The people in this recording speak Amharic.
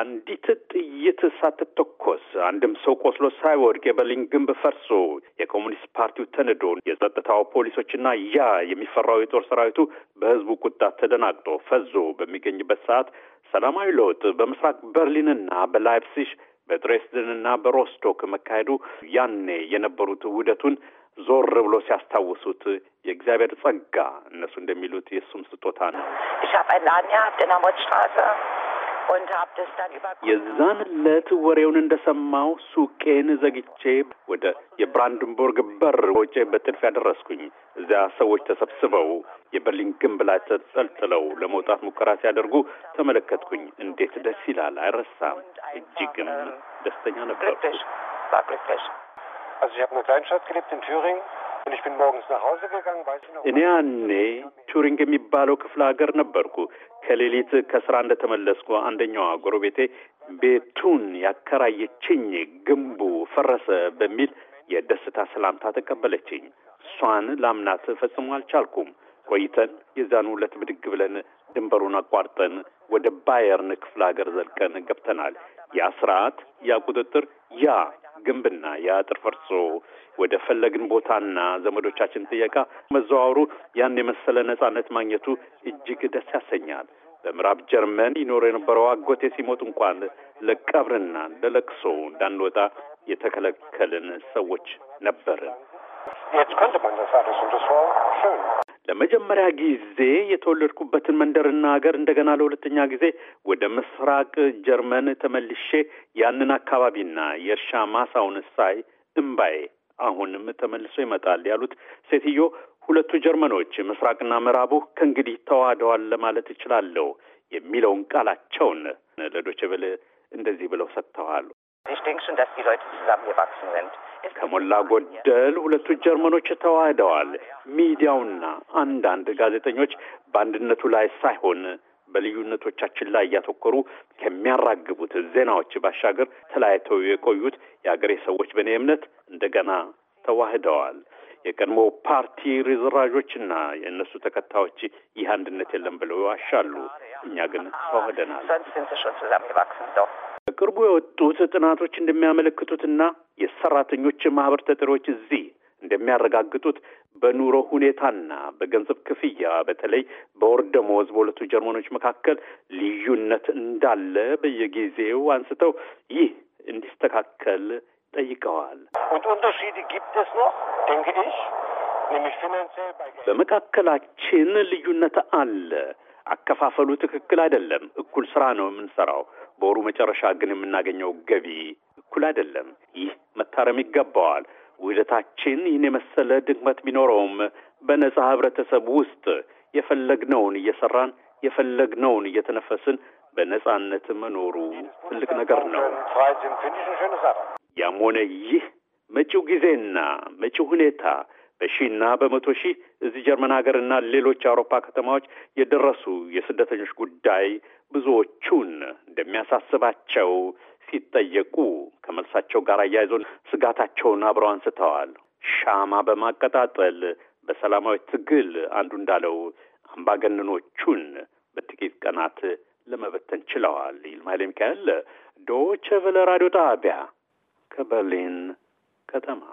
አንዲት ጥይት ሳትተኮስ አንድም ሰው ቆስሎ ሳይወድቅ የበርሊን ግንብ ፈርሶ የኮሚኒስት ፓርቲው ተንዶ የጸጥታው ፖሊሶችና ያ የሚፈራው የጦር ሰራዊቱ በህዝቡ ቁጣ ተደናግጦ ፈዞ በሚገኝበት ሰዓት ሰላማዊ ለውጥ በምስራቅ በርሊንና በላይፕሲሽ በድሬስደንና በሮስቶክ መካሄዱ ያኔ የነበሩት ውህደቱን ዞር ብሎ ሲያስታውሱት የእግዚአብሔር ጸጋ እነሱ እንደሚሉት የእሱም ስጦታ ነው። የዛን ዕለት ወሬውን እንደሰማው ሱቄን ዘግቼ ወደ የብራንድንቡርግ በር ወጪ በጥልፍ ያደረስኩኝ እዚያ ሰዎች ተሰብስበው የበርሊን ግንብ ላይ ተጠልጥለው ለመውጣት ሙከራ ሲያደርጉ ተመለከትኩኝ። እንዴት ደስ ይላል! አይረሳም። እጅግም ደስተኛ ነበርኩ። እኔ ያኔ ቱሪንግ የሚባለው ክፍለ ሀገር ነበርኩ። ከሌሊት ከስራ እንደተመለስኩ አንደኛዋ ጎረቤቴ ቤቱን ያከራየችኝ ግንቡ ፈረሰ በሚል የደስታ ሰላምታ ተቀበለችኝ። እሷን ላምናት ፈጽሞ አልቻልኩም። ቆይተን የዛን ሁለት ብድግ ብለን ድንበሩን አቋርጠን ወደ ባየርን ክፍለ ሀገር ዘልቀን ገብተናል። ያ ስርዓት፣ ያ ቁጥጥር፣ ያ ግንብና የአጥር ፈርሶ ወደ ፈለግን ቦታና ዘመዶቻችን ጥየቃ መዘዋወሩ ያን የመሰለ ነጻነት ማግኘቱ እጅግ ደስ ያሰኛል። በምዕራብ ጀርመን ይኖር የነበረው አጎቴ ሲሞት እንኳን ለቀብርና ለለቅሶ እንዳንወጣ የተከለከልን ሰዎች ነበርን። Jetzt könnte man das alles und das war schön. ለመጀመሪያ ጊዜ የተወለድኩበትን መንደርና ሀገር እንደገና ለሁለተኛ ጊዜ ወደ ምስራቅ ጀርመን ተመልሼ ያንን አካባቢና የእርሻ ማሳውን ሳይ እምባዬ አሁንም ተመልሶ ይመጣል ያሉት ሴትዮ ሁለቱ ጀርመኖች ምስራቅና ምዕራቡ ከእንግዲህ ተዋህደዋል ለማለት እችላለሁ የሚለውን ቃላቸውን ለዶቼ እንደዚህ ብለው ሰጥተዋል። ከሞላ ጎደል ሁለቱ ጀርመኖች ተዋህደዋል። ሚዲያውና አንዳንድ ጋዜጠኞች በአንድነቱ ላይ ሳይሆን በልዩነቶቻችን ላይ እያተኮሩ ከሚያራግቡት ዜናዎች ባሻገር ተለያይተው የቆዩት የአገሬ ሰዎች በእኔ እምነት እንደገና ተዋህደዋል። የቀድሞ ፓርቲ ርዝራዦችና የእነሱ ተከታዮች ይህ አንድነት የለም ብለው ይዋሻሉ። እኛ ግን ተዋህደናል። በቅርቡ የወጡት ጥናቶች እንደሚያመለክቱትና የሰራተኞች ማህበር ተጠሪዎች እዚህ እንደሚያረጋግጡት በኑሮ ሁኔታና በገንዘብ ክፍያ በተለይ በወር ደመወዝ በሁለቱ ጀርመኖች መካከል ልዩነት እንዳለ በየጊዜው አንስተው ይህ እንዲስተካከል ጠይቀዋል። በመካከላችን ልዩነት አለ። አከፋፈሉ ትክክል አይደለም። እኩል ስራ ነው የምንሰራው። በወሩ መጨረሻ ግን የምናገኘው ገቢ እኩል አይደለም። ይህ መታረም ይገባዋል። ውህደታችን ይህን የመሰለ ድክመት ቢኖረውም በነጻ ህብረተሰብ ውስጥ የፈለግነውን እየሰራን የፈለግነውን እየተነፈስን በነጻነት መኖሩ ትልቅ ነገር ነው። ያም ሆነ ይህ መጪው ጊዜና መጪው ሁኔታ በሺና በመቶ ሺህ እዚህ ጀርመን ሀገርና ሌሎች የአውሮፓ ከተማዎች የደረሱ የስደተኞች ጉዳይ ብዙዎቹን እንደሚያሳስባቸው ሲጠየቁ ከመልሳቸው ጋር አያይዞን ስጋታቸውን አብረው አንስተዋል። ሻማ በማቀጣጠል በሰላማዊ ትግል አንዱ እንዳለው አምባገነኖቹን በጥቂት ቀናት ለመበተን ችለዋል። ይልማ ኃይለ ሚካኤል ዶቼ ቬለ ራዲዮ ጣቢያ ከበርሊን ከተማ